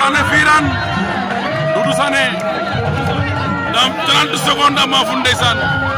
Sané fiiraan Doudou Sané dans 30 secondes a maafun